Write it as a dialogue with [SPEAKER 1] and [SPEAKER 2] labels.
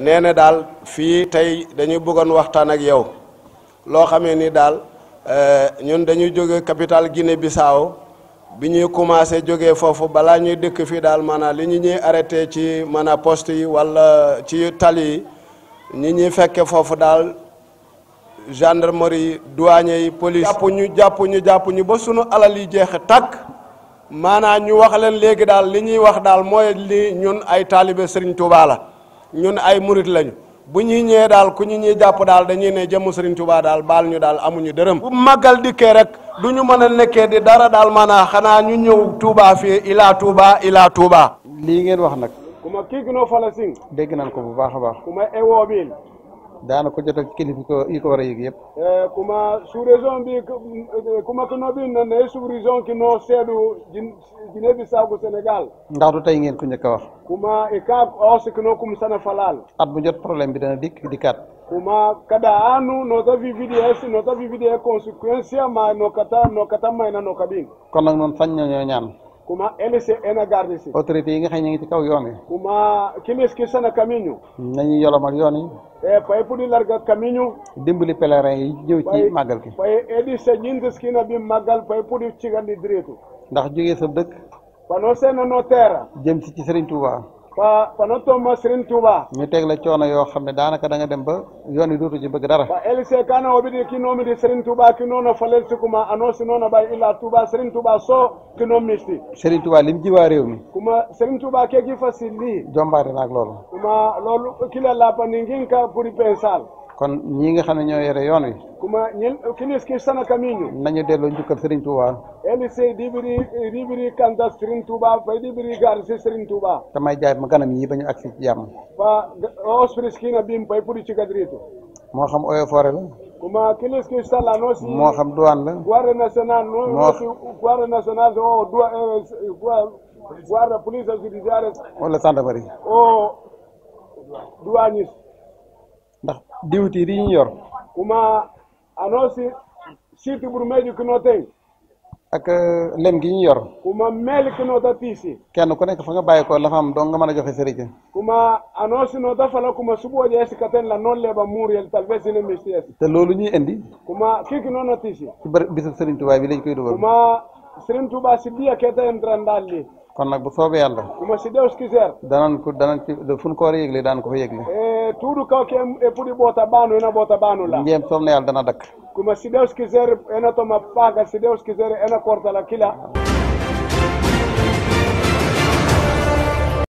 [SPEAKER 1] nee na daal fii tey dañuy buggoon waxtaan ak yow loo xamee ni daal eh, ñun dañuy jóge capitale Guinée Bissau bi ñuy commencé jógee foofu balaa ñuy dëkk fii daal maanaam li ñu ñuy arrêté ci mana poste yi walla ci tali yi ñi ñuy fekke foofu daal gendarmerie douanier yi police jàpp ñu jàpp ñu jàpp ñu ba sunu alal yi jeexe tàkk maanaam ñu wax leen léegi daal li ñuy wax daal mooy li ñun ay taalibe Serigne Touba ñun ay murit lañu bu ñuy ñëwee daal ku ñu ñuy jàpp daal dañuy ne jëmm Serigne Touba daal baal ñu daal amuñu dërëm. bu màggal dikkee rek du ñu mën a nekkee di dara daal maanaam xanaa ñu ñëw Touba fi ilaa Touba ilaa Touba. lii ngeen wax nag. kuma kii
[SPEAKER 2] ginoo fala sing dégg nañ ko bu baax a baax. kuma ewoo biil daana ko jot ak kilifa yi ko war a yëg yëpp
[SPEAKER 1] eh, kuma sous région eh, kuma ko no ɓin nane sous région kino seeɗu Guinée Bissau ko Sénégal
[SPEAKER 2] ndax du tey ngeen ko njëkk a wax
[SPEAKER 1] kuma e ka osikino kum sana falal
[SPEAKER 2] at bu jot problème bi dana dikk dikkaat
[SPEAKER 1] kuma kada anu no ta vividi es no ta ma no kata mayna no kadin
[SPEAKER 2] kon nag noonu sañ nañoo ñaan
[SPEAKER 1] kuma NC ena gardesi
[SPEAKER 2] autorité yi nga xam ne ngi ci kaw yoon wi
[SPEAKER 1] kuma kimis kisana kamiñu
[SPEAKER 2] nañu yolomal yoon yi
[SPEAKER 1] e pay pudi larga kamiñu
[SPEAKER 2] dimbali pèlerin yi ñëw ci màggal ki
[SPEAKER 1] pay edi sa ñindis kina bi màggal pay pudi cigandi diretu
[SPEAKER 2] ndax jógee sa dëkk
[SPEAKER 1] pano seen no teera
[SPEAKER 2] jëm si ci Serigne Touba
[SPEAKER 1] fa sanoto masrin tuba
[SPEAKER 2] ñu teg la coono yoo xam ne daanaka da nga dem ba yoon wi dootu bëgg dara fa
[SPEAKER 1] elise kana obidi kinomidi serin tuba kinono falel sikuma anosi noona bay illa tuba serin tuba so kinom misti
[SPEAKER 2] serin tuba lim ji waa réew mi
[SPEAKER 1] kuma serin tuba ke gi fasilli
[SPEAKER 2] jombaate naag loolu kuma
[SPEAKER 1] loolu kila lapandingin ka pour pensal
[SPEAKER 2] kon ñi nga xam ne ñoo yore yoon wi
[SPEAKER 1] kuma ñin kiliski
[SPEAKER 2] sana kamiñu nañu delloo njukkal Serigne Touba
[SPEAKER 1] elise dibiri dibiri kanta Serigne Touba fay dibiri gar si Serigne Touba
[SPEAKER 2] damay jaay ma ganam yi ba ñu agsi ci jàmm
[SPEAKER 1] fa ospris kii na biim pay pour ci gadritu
[SPEAKER 2] moo xam eaux et forêts la
[SPEAKER 1] kuma kiliski sala noo si moo xam
[SPEAKER 2] douane la guardia
[SPEAKER 1] nationale noo si guardia nationale o eh, eh, guardia police judiciaire
[SPEAKER 2] wala gendarmerie
[SPEAKER 1] o douanis
[SPEAKER 2] diwtiir yi ñu yor
[SPEAKER 1] kuma anosi siti bur meju noo ten
[SPEAKER 2] ak euh, lem gi ñu yor
[SPEAKER 1] kuma meel kino ta tiisi
[SPEAKER 2] kenn ku nekk fa nga bàyyi ko la fa am doon nga mën a joxe sëriñ
[SPEAKER 1] kuma anosi no dafa la kuma subu waje esi katen la noon leba muur yel talvez sine misti esi
[SPEAKER 2] te loolu ñuy indi
[SPEAKER 1] kuma kiki noon na tiisi
[SPEAKER 2] ci bari bisab sëriñ bi lañ koy dugal kuma sëriñ Tuubaa si biya keta en drandaal li kon nag bu soobee yàlla kuma si deus kiseer danan ko danan ci fu ñu ko war daan ko fa yëgle
[SPEAKER 1] eh, tuudu kaw ke e fuɗi ɓoota ɓaanu ena ɓoota ɓaanu la mbiyam
[SPEAKER 2] soomna yaal dana dakk
[SPEAKER 1] kuma sidewski sere ena toma paaka sidewski sere ena kortala kila